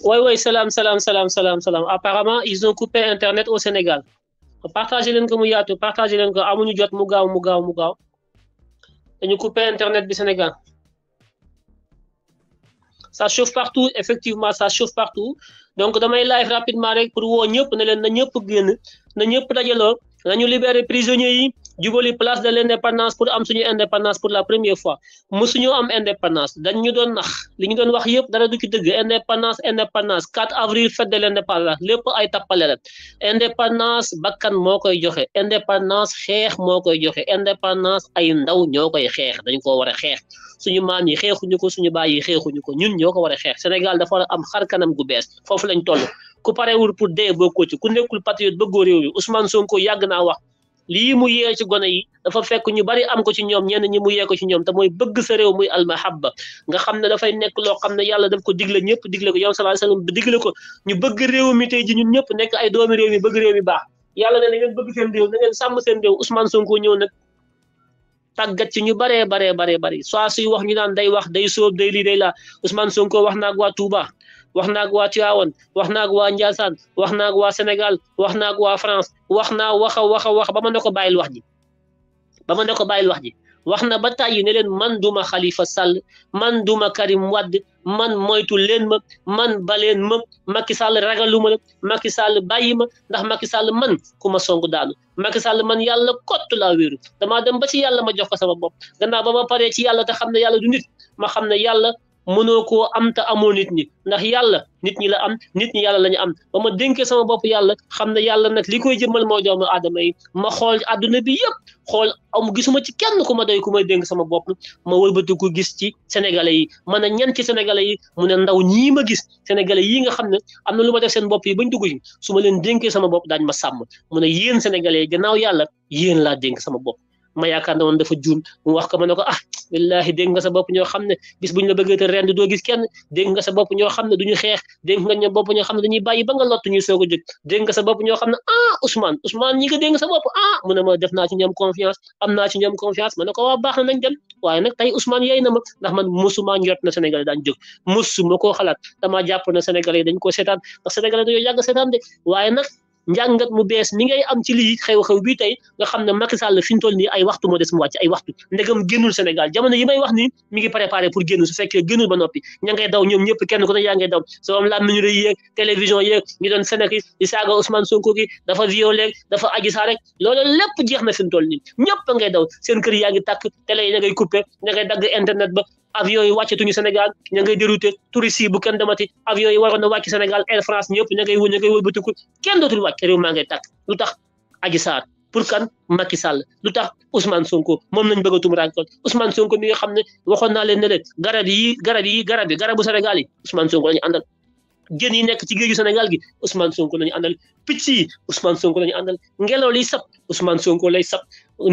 Oui, oui, salam, salam, salam, salam, salam. Apparemment, ils ont coupé Internet au Sénégal. Partagez le partagez coupé Internet du Sénégal. Ça chauffe partout, effectivement, ça chauffe partout. Donc, mes live rapidement pour ñëpp leen prisonniers jubali place de l'indépendance pour am suñu indépendance pour la première fois musuñu am indépendance dañu ñu doon nax li ñu doon wax yëpp dara du ci dëgg indépendance indépendance 4 avril fête de l'indépendance lépp ay tappale la indépendance bakkan moo koy joxe indépendance xeex moo koy joxe indépendance ay ndaw ñoo koy xeex dañ ko war a xeex suñu maam yi xeexuñu ko suñu baay yi xeexuñu ko ñun ñoo ko war a xeex Sénégal dafa war a am xar kanam gu bees foofu lañ toll ku parewul pour dee bokkoo ci ku nekkul patriote bëggoo réew mi Ousmane Sonko yàgg naa wax lii mu yee ci gone yi dafa fekk ñu bari am ko ci ñoom ñenn ñi mu yee ko ci ñoom te mooy bëgg sa réew muy almahabba nga xam ne dafay nekk loo xam ne yàlla daf ko digle ñëpp digle ko yow sallallahu alayhi wasallam digle ko ñu bëgg réew mi tey ji ñun ñëpp nekk ay doomi réew mi bëgg réew mi baax yàlla ne na bëgg seen réew na ngeen sàmm seen réew Ousmane Sonko ñëw nag tàggat ci ñu baree baree baree bari soo suy wax ñu naan day wax day sóob day lii day laa usman Sonko wax naag waa tubaa waxnaag waa Tiwaawan waxnaag waa Njaasaan waxnaag waa Sénégal waxnaag waa France wax naa wax a wax a wax ba ma ne ko bàyyil wax ji ba ma ne ko bàyyil wax ji wax na ba tàyyi ne leen man duma Khalifa Sall man duma Karim Wade man moytu leen ma man baleen ma Macky Sall ragaluma la Macky Sall bàyyi ma ndax Macky Sall man ku ma song daanu Macky Sall man yàlla kott laa wéeru damaa dem ba ci yàlla ma jox ko sama bopp gannaaw ba ma paree ci yàlla te xam ne yàlla du nit ma xam ne yàlla mënoo koo am ta amoo nit ñi ndax yàlla nit ñi la am nit ñi yàlla la ñu am ba ma dénkee sama bopp yàlla xam ne yàlla nag li koy jëmmal mooy doomu aadama yi ma xool àdduna bi xool am gisuma ci kenn ku ma doy ku may dénk sama bopp ma wëlbati ko gis ci sénégalais yi ma ne ñan ci sénégalais yi mu ne ndaw ñii ma gis sénégalais yi nga xam ne am na lu ma def seen bopp yi bañ dugg yi su ma leen dénkee sama bopp daañu ma sàmm mu ne yéen sénégalais yi gannaaw yàlla yéen laa dénk sama bopp ma yaakaar na woon dafa juum mu wax ko ma ah billahi dégg nga sa bopp ñoo xam ne bis buñ la bëggee te rend doo gis kenn dégg nga sa bopp ñoo xam ne duñu xeex dégg nga ño bopp ñoo xam ne dañuy bàyyi ba nga lott ñu soog a jóg nga sa bopp ñoo xam ne ah Ousmane Ousmane ñi nga dégg sa bopp ah mu ne ma def naa ci ñoom confiance am naa ci ñoom confiance ma ne ko waa baax na nañ dem waaye nag tey Ousmane yey na ma ndax man musuma njot na Sénégal daan jóg musuma koo xalaat dama jàpp na Sénégal yi dañ ko seetaan ndax Sénégal dañoo yàgg seetaan de waaye nag njàngat mu bees ni ngay am ci lii xew-xew bii tey nga xam ne Macky Sall fi mu toll nii ay waxtu moo des mu wàcc ay waxtu ndegam génnul Sénégal jamono yi may wax ni mi ngi préparé pour génn su fekkee génnul ba noppi ña ngay daw ñëpp kenn ko ne yaa ngay daw soo am làmmiñu rëy yeeg télévision yeeg ñu doon Sénégal di saaga Ousmane Sonko gi dafa violé dafa aji saa rek loolu lépp jeex na fi mu toll nii ñëpp ngay daw seen kër yaa ngi tàkk télé yi ña ngay coupé ña ngay dagg internet ba avion yi wàccatuñu Sénégal ña ngay dérouté touristes yi bu kenn demati avion yi waroon na wàcc Sénégal Air France ñëpp ña ngay wë ña ngay wëlbatiku kenn dootul wàcc réew maa ngay tàkk Adji Sarr pour kan Macky Sall lu tax Ousmane Sonko moom lañ bëgg a tum rankon Ousmane Sonko mi nga xam ne waxoon naa leen ne leen garab yi garab yi garab yi garabu Sénégal yi Ousmane Sonko lañu àndal jën yi nekk ci géeju Sénégal gi Ousmane Sonko lañu andal picc yi Ousmane Sonko lañu àndal ngelaw liy sab Ousmane Sonko lay sab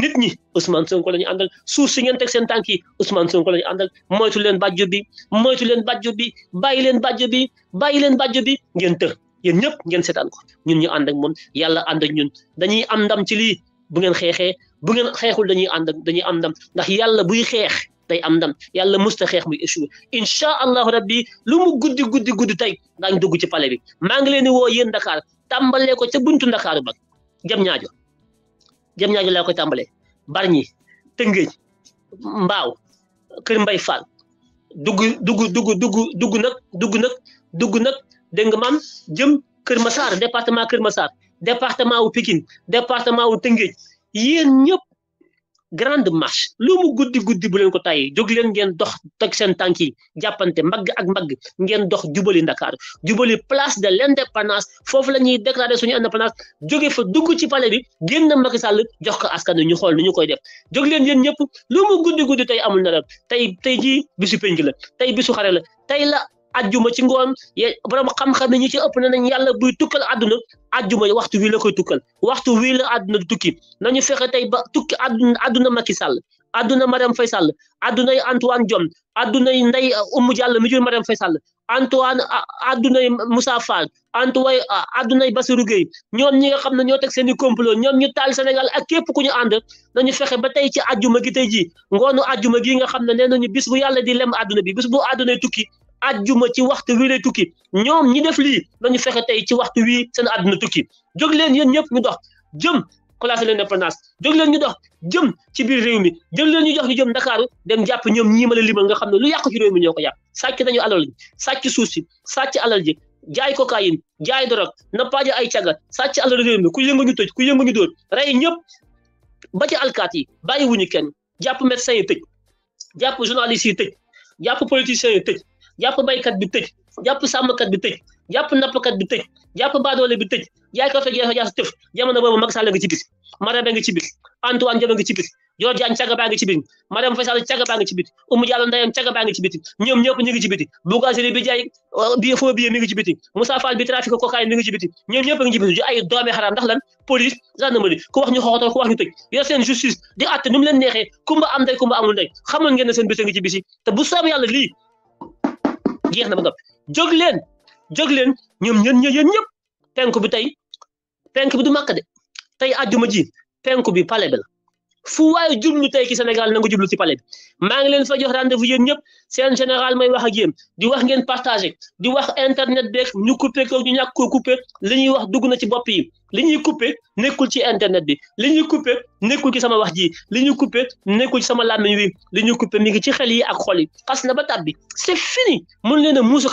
nit ñi Ousmane Sonko lañu àndal suuf si ngeen teg seen tànk yi Ousmane Sonko lañu àndal moytu leen bajo bi moytu leen bàjjo bi bàyyi leen bàjjo bi bàyyi leen bàjjo bi ngeen tër yéen ñëpp ngeen seetaan ko ñun ñu ànd ak moom yàlla ànd ak ñun dañuy am ndam ci li bu ngeen xeexee bu ngeen xeexul dañuy ànd ak dañuy am ndam ndax yàlla buy xeex tey am ndam yalla musta xex muy échoué insha allah rabbi lu mu guddi guddi guddi tey daañu dugg ci palais bi ma ngi leni wo woo yéen Dakar tàmbalee ko ci buntu Ndakaaru ba jëm ñaajo jëm ñaajo la koy tàmbalee Bargny Tëngéej Mbaaw Kër Mbay Fall dugg dugg dugg dugg dugg nak dugg nak dugg nak deng mam jëm Kër Massar département Kër Massar département wu Pikine département wu Tëngéej yeen ñëpp grande marche lu mu guddi guddi bu len ko tàyyi jog len ngeen dox teg sen tanki jappante mag ak mag ngeen dox jubali Dakar jubali place de l'indépendance panas, lañuy déclarer suñu indépendance jóge fa dugg ci palais bi génn Macky Sall jox ko askan ñu xol ñu koy def jog len yeen ñep lu mu guddi guddi tay amul na la tay bisu penj la tay bisu xare la tay la ajjuma ci ngoon borom xam-xam ne ñu ci ëpp ne nañ yàlla buy tukkal àdduna ajjuma waxtu wii la koy tukkal waxtu wii la àdduna di na nañu fexe tey ba tukki àdduna àdduna Macky Sall àdduna Mariam Faye Sall àdduna yi Antoine Diome àdduna yi Ndeye uh, Oumou Diallo mi jur Mariam Faye Sall Antoine uh, àdduna yi Moussa Fall Antoine uh, àdduna yi Bassirou Gueye ñoom ñi nga xam ne ñoo teg seen i complot ñoom ñu taal Sénégal ak képp ku ñu ànd nañu fexe ba tey ci ajjuma gi tey ji ngoonu ajjuma gi nga xam ne nee nañu bis bu yàlla di lem àdduna bi bis bu àdduna tukki ajjuma ci waxtu wi lay tukki ñoom ñi def lii nañu fexe tey ci waxtu wii seen àdduna tukki jóg leen yéen ñëpp ñu dox jëm classe de l'indépendance jóg leen ñu dox jëm ci biir réew mi jóg leen ñu jox ñu jëm Ndakaaru dem jàpp ñoom ñi ma la limal nga xam ne lu yàq ci mi ñoo ko yàq sàcc nañu alal ji sàcc suuf si sàcc alal ji jaay cocaïne jaay dorog nappaaje ay caga sàcc alal réew ku yëngu ñu tëj ku yëngu ñu dóor rey ñëpp ba ci alkaat yi bàyyi wuñu kenn jàpp médecins yi tëj jàpp journalistes yi tëj jàpp politiciens yi tëj jàpp baykat bi tëj jàpp sàmmkat bi tëj jàpp nappkat bi tëj jàpp baadoole bi tëj jaay ko jaay sa tëf jamono boobu Macky Sall nga ci biir Marème nga ci biir Antoine Diome nga ci biir George Diagne caga baa ngi ci biir Marème Faye Sall caga baa ngi ci caga baa ngi ci biti ñëpp ñu ngi ci biti bi jaay foo euh, bi mi ngi ci bi trafic cocaïne mi ngi ci biti ñoom ñëpp ngi ci ay doomi xaraam ndax lan police gendarmerie ku wax ñu xoxotal ku wax ñu tëj yor seen justice a ngi ci bisi te bu soobee jeex na ba noppi jóg leen jóg leen ñoom ñen ñë yéen ñëpp bi tey penku bi du màkk de tey àjjuma ji penku bi pale la fu waay jublu tay ki Sénégal na nga ci palais fa jox rendez-vous général may wax ak internet de ñu couper ko ñu ko coupé liñuy wax duguna ci yi internet bi liñuy couper. nekkul ci sama wax ji liñuy couper nekkul ci sama wi liñuy couper mi ci xel yi ak c'est fini Mon leena musu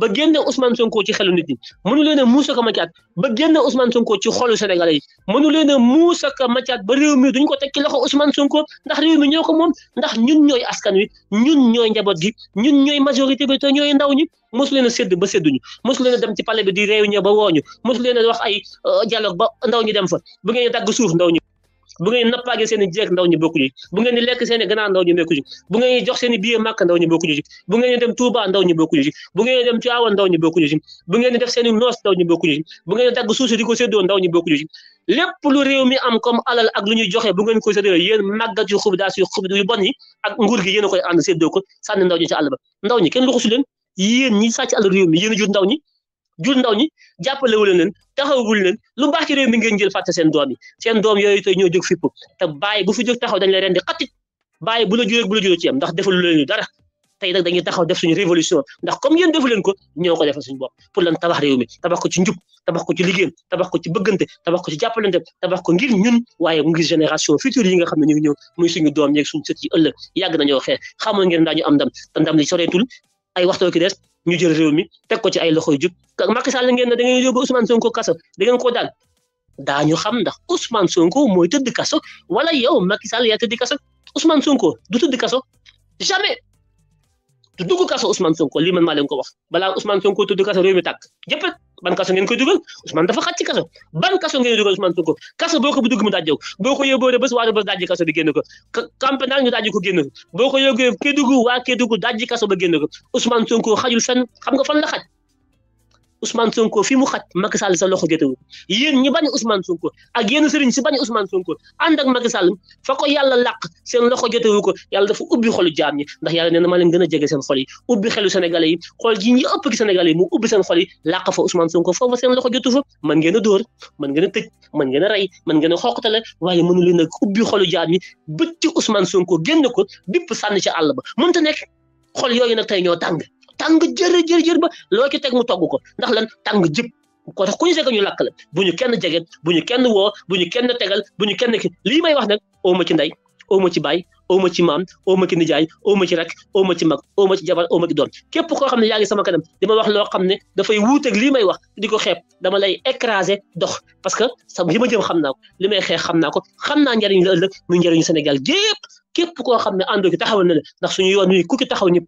ba génne Ousmane Sonko ci xelu nit ñi mënu leen a muusa ko macaat ba génne Ousmane Sonko ci xolu sénégal yi mënu leen a muusa ko macaat ba réew mi duñ ko teg ci loxo Ousmane sunko ndax réew mi ñoo ko moom ndax ñun ñooy askan wi ñun ñooy njaboot gi ñun ñooy majorité bi te ñooy ndaw ñi mosu leen a sédd ba sédduñu mosu leen a dem ci palais bi di réunion ba wooñu mosu leen a wax ay euh, dialogue ba ndaw ñi dem fa bu ngeen dagg suuf ndaw ñi bu ngeen nappaage seen i jeeg ndaw ñu bokkuñu ci bu ngeen di lekk seen i ganaar ndaw ñu bokkuñu ci bu jox seen i biir màkk ndaw ñu bokkuñu ci bu ngeen di dem Touba ndaw ñu bokkuñu ci bu ngeen di dem Tiwaawan ngeen def seen i noos ndaw ñu bokkuñu ci bu ngeen dagg suuf si di ko séddoo ndaw ñu bokkuñu ci lépp lu réew mi am comme alal ak lu ñuy joxe bu ngeen ko séddoo yéen màggat yu xub daas yu xub yu bon yi ak nguur gi yéen koy ànd séddoo ko sànni ndaw ñi ci àll ba ndaw ñi kenn luxusu leen yéen ñi sàcc àll réew mi yéen a jur ndaw ñi jur ndaw ñi jàppalewul leen taxawul leen lu baax ci réew mi ngeen jël fàtte seen doom yi seen doom yooyu tey ñoo jog fipp te bu fi jóg taxaw dañ lay rendi xatit bàyyi bu la juree bu la juree ci yam ndax deful dara tey nag dañuy taxaw def suñu révolution ndax comme yéen defu leen ko ñoo ko defal suñu bopp pour lan tabax réew mi tabax ko ci njub tabax ko ci liggéeyam tabax ko ci bëggante tabax ko ci jàppalante tabax ko ngir ñun waaye ngir génération future yi nga xam ne ñu ngi ñëw muy suñu doom yeeg suñu sët yi ëllëg yàgg nañoo xeex xamoon ngeen daañu am ndam ndam li soreetul ay waxtoo ki ñu jël réew mi teg ko ci ay loxoy jub Macky Sall ngeen na da Usman Sungku Ousmane Sonko kaso da ngeen ko daan daañu xam ndax Ousmane Sonko mooy tëdd kasso wala yow ya, Macky Sall yaa tëdd kasso Ousmane Sonko du tëdd kasso jamais du dugg kasso Ousmane Sonko li man ma leen ko wax bala Ousmane Sonko tëdd kasso rew mi tak jepp ban kasso ngeen koy duggal Ousmane dafa xat ci ban kasso ngeen duggal Ousmane Sonko kasso boko bu dugg mu dajjo boko ko yóbboo bes waa bes dajji kasso bi génn ko campé ñu dajji ko génn boko boo ke yóbbee ya wa ke dajji kasso ba ko Ousmane Sonko xajul fen xam nga fan la xaj Ousmane Sonko fi mu xaj Macky Sall sa loxo jotewu yéen ñu bañ Ousmane Sonko ak yen sëriñ si bañ Ousmane Sonko ànd ak Macky Sall fa ko yàlla làq seen loxo wu ko yàlla dafa ubbi xolu jaam ñi ndax yàlla nee na maa leen gën a jege seen xol yi ubbi xelu sénégalais yi xool ji ñi ëpp ki sénégalais yi mu ubbi seen xol yi làq fa Ousmane Sonko foofa seen loxo jotu fa mën mën ngeen a tëj mën ngeen a mën ngeen a xooqatale waaye mënu a ubbi xolu jaam ñi bëcc Ousmane Sonko génn ko bipp sànni ci àll ba mënta nekk xol yooyu nag tey ñoo tàng tàng jërë jërë jër ba loo ci teg mu togg ko ndax lan tàng jëp ko tax ku ñu sega ñu làkk la bu ñu kenn jege bu ñu kenn woo bu ñu kenn tegal bu ñu kenn ki lii may wax nag ooma ci ndey ooma ci baay ooma ci maam ooma ci nijaay ooma ci rek ooma ci mag ooma ci jabar ooma ci doom képp koo xam ne yaa ngi sama kanam dama wax loo xam ne dafay wuuteeg lii may wax di ko xeeb dama lay écraser dox parce que sa li ma jëm xam naa ko li may xeex xam naa ko xam naa njëriñ la ëllëg muy njëriñu Sénégal gépp képp koo xam ne àndoo ki na la ndax suñu yoon wi ku ki taxaw ñëpp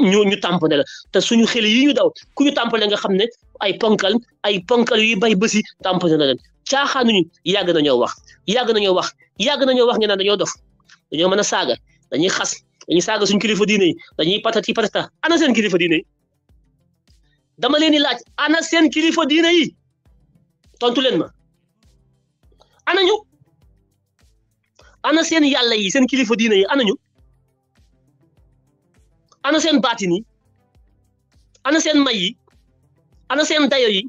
ñu ñu tamponné la te suñu xel yi ñu daw ku ñu tamponné nga xam ne ay ponkal ay ponkal yuy bay bési tamponné na leen caaxaanuñu yàgg nañoo wax yàgg nañoo wax yàgg nañoo wax ngeen naan dañoo dof dañoo mën a saaga dañuy xas dañuy saaga suñ kilifa diine yi dañuy patati patata ana seen kilifa diine yi dama leen di laaj ana sen kilifa diine yi tontu leen ma ana ñu ana seen yàlla yi seen kilifa diine yi ana ñu ana seen baatin yi ana seen may yi ana seen dayo yi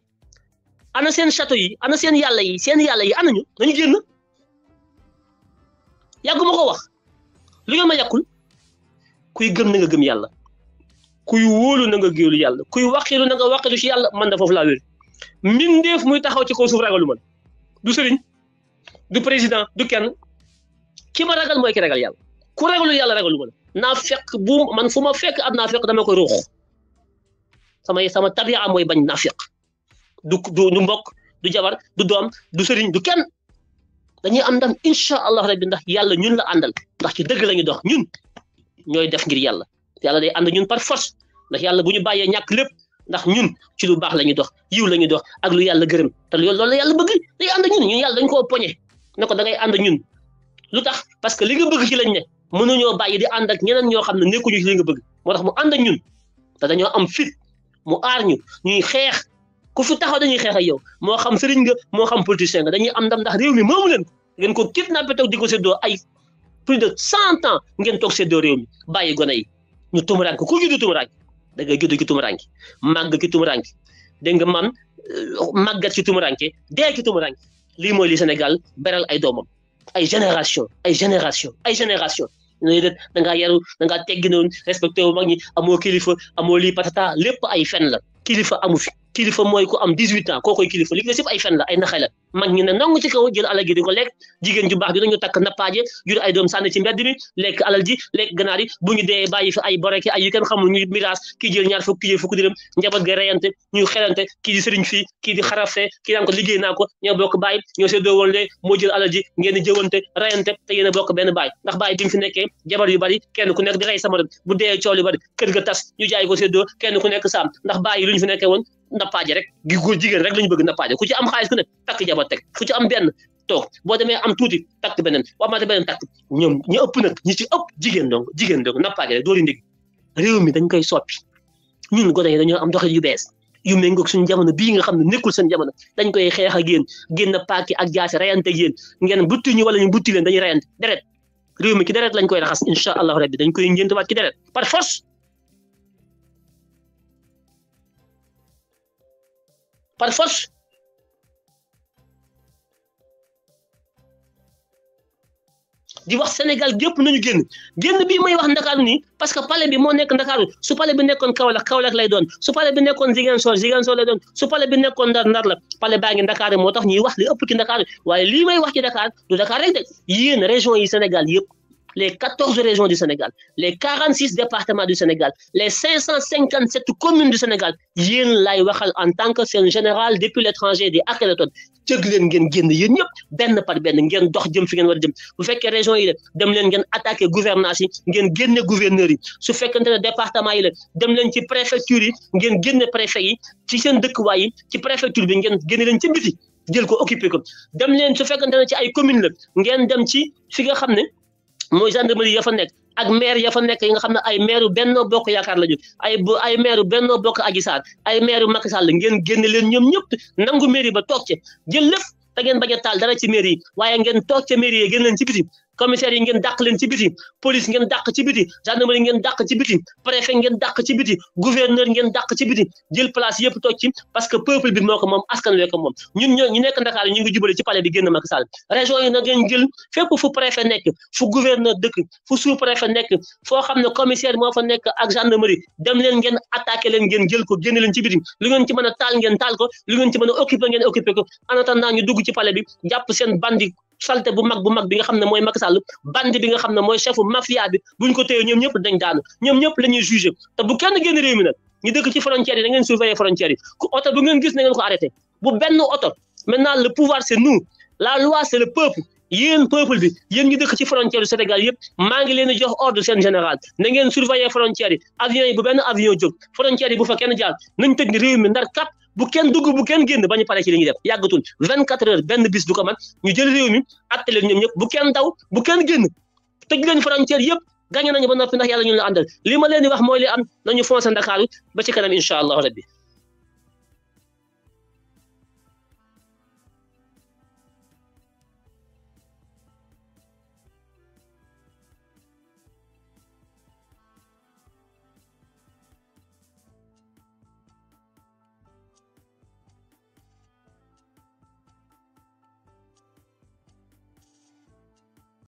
ana seen château yi ana seen yàlla yi seen yàlla yi ana ñu nañu génn yàgguma ko wax lu ngeen ma yàkkul kuy gëm na nga gëm yàlla kuy wóolu na nga géelu yàlla kuy waqilu na nga waqilu ci yàlla man da foofu laa wér mbindeef muy taxaw ci kaw suuf ragalu man du sëriñ du président du kenn ki ma ragal mooy ki ragal yàlla ku reglu yàlla ragalu ma la naa fekk bu man fu ma fekk ab naa fekk dama koy ruux sama sama tabia mooy bañ naa fekk du du du mbokk du jabar du doom du sëriñ du kenn dañuy am ndam insha allah rabbi ndax yàlla ñun la àndal ndax ci dëgg la ñu dox ñun ñooy def ngir yàlla yàlla day ànd ñun par force ndax yàlla bu ñu bàyyee ñàkk lépp ndax ñun ci lu baax lañu dox yiw lañu dox ak lu yàlla gërëm te loolu la yàlla bëgg day ànd ñun ñun yàlla dañ koo poñe ne ko da ngay ànd ñun lu parce que li nga bëgg ci lañ ne mënuñoo bàyyi di ànd ak ñeneen ñoo xam ne nekkuñu ci li nga bëgg moo tax mu ànd ak ñun te dañoo am fit mu aar ñu ñuy xeex ku fi taxaw dañuy xeex ak yow moo xam sëriñ nga moo xam politicien nga dañuy am ndax réew mi moomu leen ko ngeen ko kidnappé toog di ko séddoo ay plus de cent ans ngeen toog séddoo réew mi bàyyi gone yi ñu tumuraanke ku juddu tumuraanke da ngay judd ci tumuraanke màgg ci tumuraanke dégg nga man euh, màggat ci tumuraanke dee ci tumuraanke lii mooy li Sénégal beral ay doomam ay génération ay génération ay génération ñooñu det da ngaa yaru da ngaa tegginoon respecté wu mag ñi amoo kilifa amoo lii patata lépp ay fen la kilifa amu fi kilifa mooy ku am 18 ans kookoy kilifa li des yëpp ay fen la ay naxay la mag ci kaw jël alal gi di ko lekk jigéen ju baax gi dañu takk nappaaje jur ay doom sànni ci mbedd mi lekk alal ji lekk ganaar bu ñu dee bàyyi fi ay boreke ay kenn xamul ñu miraas kii jël ñaar fukk kii jël fukk dërëm njaboot ga reyante ñu xelante kii di sëriñ fii kii di xarafe kii daan ko liggéey naa ñoo bokk bàyyi ñoo seddoo woon lee moo alal ji ngeen jëwante reyante te yéen ñu fi nekkee woon nappaaje rek gi góor jigéen rek la ñu bëgg nappaaje ku ci am xaalis ku ne takk jabar teg ku ci am benn toog boo demee am tuuti takk beneen boo amaatee beneen takk ñoom ñu ëpp nag ñi ci ëpp jigéen donc jigéen donc nappaaje rek doori ndig réew mi dañ koy soppi ñun gone yi dañoo am doxin yu bees yu méngoog suñu jamono bii nga xam ne nekkul seen jamono dañ koy xeex a yéen génn paaki ak jaasi reyante ak yéen ngeen butti ñu wala ñu buti leen dañuy reyante deret réew mi ki deret lañ koy raxas incha allahu rabbi dañ koy ngéntewaat ki deret par par force di wax Sénégal gépp nañu génn génn bii may wax Ndakaaru nii parce que palais bi moo nekk Ndakaaru su palais bi nekkoon Kaolack Kaolack lay doon su palais bi nekkoon Ziguinchor Ziguinchor lay doon su palais bi nekkoon Ndar Ndar la palais baa ngi Ndakaaru moo tax ñuy wax li ëpp ci Ndakaaru waaye lii may wax ci Dakar du Dakar rek de yéen région yi Sénégal yëpp les 14 régions du Sénégal, les 46 départements du Sénégal, les 557 communes du Sénégal, Yin lay waxal en tant que seen général depuis l'étranger des Akhenaton cëg leen ngeen génn yéen ñëpp ben par ben ngeen dox jëm fi ngeen war a jëm bu fekkee région yi la dem leen ngeen attaqué gouvernance yi ngeen génne gouverneurs yi su fekkente ne département yi la dem leen ci préfecture yi ngeen préfet yi ci seen dëkkuwaay yi ci préfecture bi ngeen génne leen ci biti jël ko occupé ko dem leen su fekkente ne ci ay commune la ngeen dem ci fi nga mooy gendarmerie ya fa nekk ak maire ya fa nekk yi nga xam ne ay maire Benno Bokk Yaakaar la ñu ay ay maire Benno Bokk Adji Sarr ay maire Macky Sall ngeen génne leen ñoom ñëpp nangu mairie ba toog ca jël lépp te ngeen bañ a taal dara ci mairie yi waaye ngeen toog ca mairie yi génn leen ci biti commissaire yi ngeen dàq leen ci biti police ngeen dàq ci biti gendarmerie ngeen dàq ci biti préfet ngeen dàq ci biti gouverneur ngeen dàq ci biti jël place yëpp toog ci parce que peuple bi moo ko moom askan wee ko moom ñun ñoo ñu nekk Ndakaar ñu ngi jubale ci palais bi génn Macky Sall région yi na ngeen jël fépp fu préfet nekk fu gouverneur dëkk fu sous préfet nekk foo xam ne commissaire moo fa nekk ak gendarmerie dem leen ngeen attaqué leen ngeen jël ko génn leen ci biti lu ngeen ci mën a taal ngeen taal ko lu ngeen ci mën a occupé ngeen occupé ko en attendant ñu dugg ci palais bi jàpp seen bandi salte bu mag bu mag bi nga xam ne mooy Macky Sall bandi bi nga xam ne mooy chefu mafia bi buñ ko téye ñoom ñëpp dañ daanu ñoom ñëpp la ñuy jugé te bu kenn génn réew mi nag ñu dëkk ci frontières yi da ngeen surveiller frontières yi ku oto bu ngeen gis na ngeen ko arrêté le pouvoir c'est nous la loi c'est peuple yéen peuple bi yéen ñu dëkk ci frontière du Sénégal yëpp maa ngi leen di jox ordre seen général na ngeen surveiller frontières yi avions yi bu benn avion jóg frontières yi bu kenn jaar nañ tëj bu kenn dugg bu kenn génn ba ñu pare ci li ñuy def yàggatul 24 heures benn bis du ko man ñu jël réew mi atte leen ñoom ñëpp daw bu kenn génn tëj leen frontière yëpp gañe nañu ba noppi ndax yàlla ñun la li ma leen di wax mooy li am nañu foncé Ndakaaru ba ci kanam incha allahu rabbi